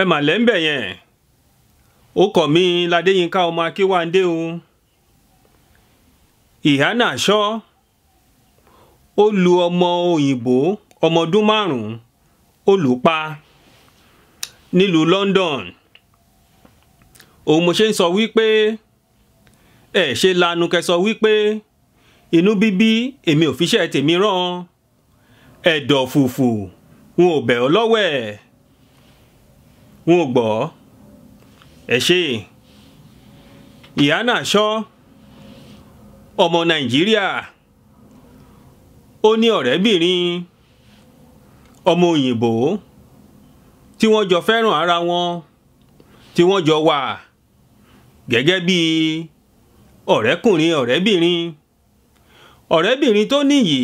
ẹ mà lẹ́ńbẹ̀ yẹn ó kọ̀ mí Ládéyínká ọmọ Akínwándé o ìhánà ṣọ́ ó lu ọmọ òyìnbó ọmọ ọdún márùn-ún ó lù pa nílùú London òun mo ṣe ń sọ wípé ẹ ṣe lanu kẹ́ sọ wípé inú bíbí èmi ò fiṣẹ́ tèmi rán ẹ̀dọ̀ fùfù n ò bẹ̀ ọ́ lọ́wọ́ ẹ̀ wọn ò gbọ́ ẹ ṣe ìyá náà ṣọ́ ọmọ nàìjíríà ó ní ọ̀rẹ́bìnrin ọmọ òyìnbó tí wọ́n jọ fẹ́ràn ara wọn tí wọ́n jọ wà gẹ́gẹ́ bí ọ̀rẹ́kùnrin ọ̀rẹ́bìnrin ọ̀rẹ́bìnrin tó níyì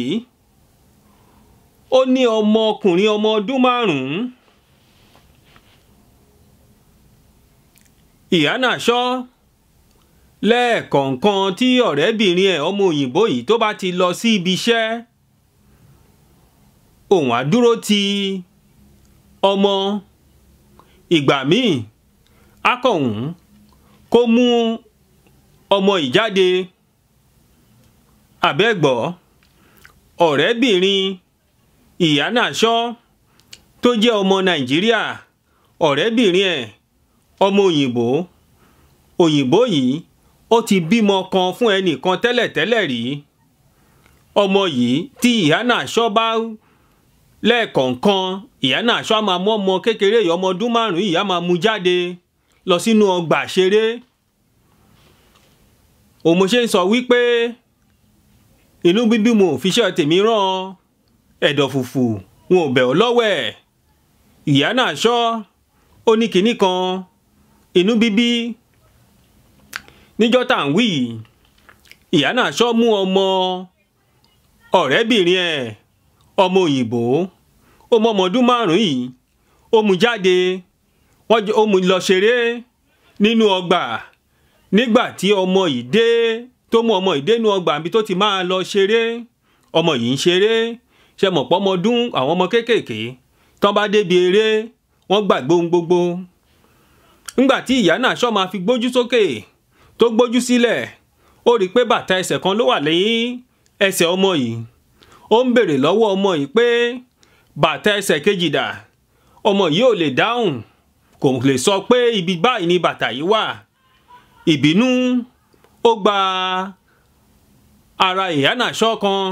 ó ní ọmọkùnrin ọmọ ọdún márùn-ún ìyá náà ṣọ́ lẹ́ẹ̀kọ̀ọ̀kan tí ọ̀rẹ́bìnrin ẹ̀ ọmọ òyìnbó yìí tó bá ti lọ sí ibi iṣẹ́ òun á dúró ti ọmọ ìgbà míì akọ̀hún kó mú ọmọ ìjáde àbẹ́gbọ́ ọ̀rẹ́bìnrin ìyá náà tó jẹ́ ọmọ nàìjíríà ọ̀rẹ́bìnrin ẹ̀ ọmọ òyìnbó òyìnbó yìí ó ti bímọ kan fún ẹnìkan tẹ́lẹ̀tẹ́lẹ̀ rí ọmọ yìí tí ìyá náà ṣọ́ bá lẹ́ẹ̀kọ̀ọ̀kan ìyá náà ṣọ́ máa mú ọmọ kékeré yìí ọmọ ọdún márùn-ún ìyá máa mú jáde lọ sínú ọgbà ṣeré òmò ṣe ń sọ wípé inú bíbí mo fiṣẹ́ tèmi rán ẹ̀dọ̀fùfù wọn ò bẹ̀ ọ́ lọ́wẹ̀ ìyá náà ṣọ́ ó ní kinní kan inú bíbí níjọ́ tá à ń wí yìí ìyá náà ṣọ́ mú ọmọ ọ̀rẹ́bìnrin ẹ̀ ọmọ òyìnbó ó mọ ọmọ ọdún márùn-ún yìí ó mú jáde ó mú lọ ṣeré nínú ọgbà nígbà tí ọmọ yìí dé tó mú ọmọ yìí dénú ọgbà àbí tó ti máa lọ ṣeré ọmọ yìí ń ṣeré ṣe mọ̀pọ̀ ọmọ ọdún àwọn ọmọ kéékèèké tán bá débi eré wọ́n gbàgbé gbogbo ńgbà tí ìyá náà ṣọ́ máa fi gbójú sókè tó gbójú sílẹ̀ ó rí i pé bàtà ẹsẹ̀ kan ló wà lẹ́yìn ẹsẹ̀ ọmọ yìí ó ń béèrè lọ́wọ́ ọmọ yìí pé bàtà ẹsẹ̀ kejì dà ọmọ yìí ò lè dáhùn kò lè sọ pé ibi báyìí ni bàtà yìí wà ìbínú ó gba ara ìyá náà ṣọ́ kan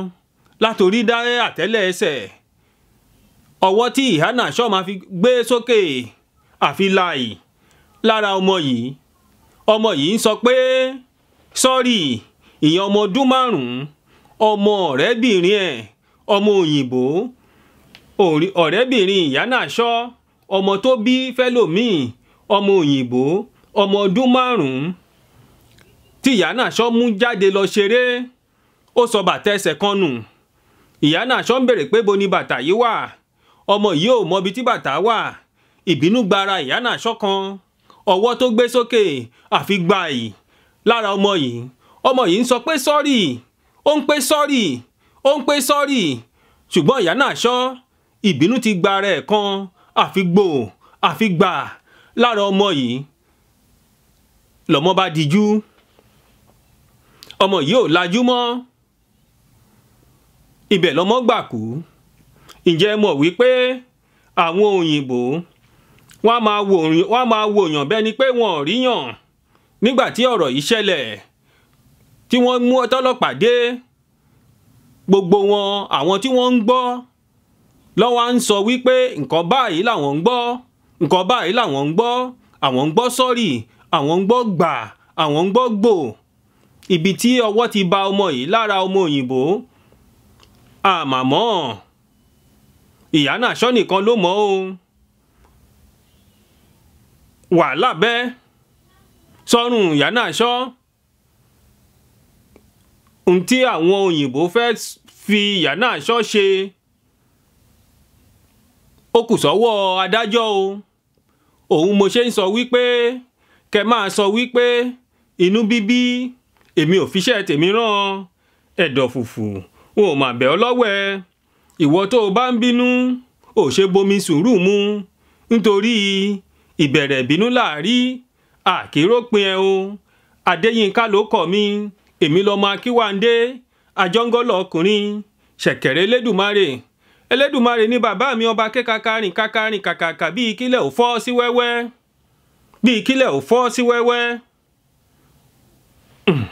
látòrí dá àtẹ́lẹ̀ ẹsẹ̀ ọwọ́ tí ìyá náà ṣọ́ máa fi gbé sókè àfi láàyè lára ọmọ yìí ọmọ yìí ń sọ pé sọ́rí ìyẹn ọmọ ọdún márùn-ún ọmọ ọ̀rẹ́bìnrin ẹ̀ ọmọ òyìnbó ọ̀rẹ́bìnrin ìyá náà ṣọ́ ọmọ tó bí fẹ́lòmíì ọmọ òyìnbó ọmọ ọdún márùn-ún tí ìyá náà ṣọ́ mú jáde lọ ṣeré ó sọ bàtà ẹsẹ̀ kan nù ìyá náà ṣọ́ ń bèrè pé bo ni bàtà yìí wà ọmọ yìí ò mọbi tí bàtà wà ìbínú gbara ìyá náà ṣọ́ kan ọwọ́ tó gbé sókè àfi gbà yìí lára ọmọ yìí ọmọ yìí ń sọ pé sọ́ọ̀rì ó ń pé sọ́ọ̀rì ó ń pé sọ́ọ̀rì ṣùgbọ́n ìyá náà ṣọ́ ìbínú ti gba ara ẹ̀ kan àfi gbò àfi gbà lára ọmọ yìí lọ́mọ bá dijú ọmọ yìí ò lajú mọ́ ibẹ̀ lọ́mọ gbà kú ǹjẹ́ mọ̀ wípé àwọn òyìnbó wọ́n máa wò yàn bẹ́ẹ̀ pé wọ́n ò ríyàn nígbà tí ọ̀rọ̀ yìí ṣẹlẹ̀ tí wọ́n mú tọ́lọ́pàá dé gbogbo wọn àwọn tí wọ́n ń gbọ́ lọ́wọ́ ń sọ wípé nǹkan báyìí làwọn ń gbọ́ nǹkan báyìí làwọn ń gbọ́ àwọn ń gbọ́ sọ́rì àwọn ń gbọ́ gbà àwọn ń gbọ́ gbò ibi tí ọwọ́ ti ba ọmọ yìí lára ọmọ òyìnbó àmàmọ́ ìyá náà sọ nìkan ló mọ̀ ọ́ wàhálà lábẹ́ sọ́run ìyá náà ṣọ́ ohun tí àwọn òyìnbó fẹ́ fi ìyá náà ṣọ́ ṣe ó kù sọ́wọ́ adájọ́ o òun mo ṣe ń sọ wípé kẹ máa sọ wípé inú bíbí èmi ò fiṣẹ́ tèmi rán ẹ̀dọ̀ fùfù n ò mà bẹ̀ ọ́ lọ́wẹ́, ìwọ tó o bá ń bínú ò ṣe bomi sùúrù mu nítorí ìbẹ̀rẹ̀ ìbínú láàrí àkéròpin ẹ̀ o adéyínká ló kọ̀ mi èmi lọ́mọ akínwáńdé àjọngọ́lọ̀ ọkùnrin ṣẹ̀kẹ̀rẹ̀ elédùmarè elédùmarè ni bàbá mi ọba kékakarìn kakarin kàkàkà bíi kílẹ̀ ò fọ́ sí wẹ́wẹ́ bíi kílẹ̀ ò fọ́ sí wẹ́wẹ́. Mm.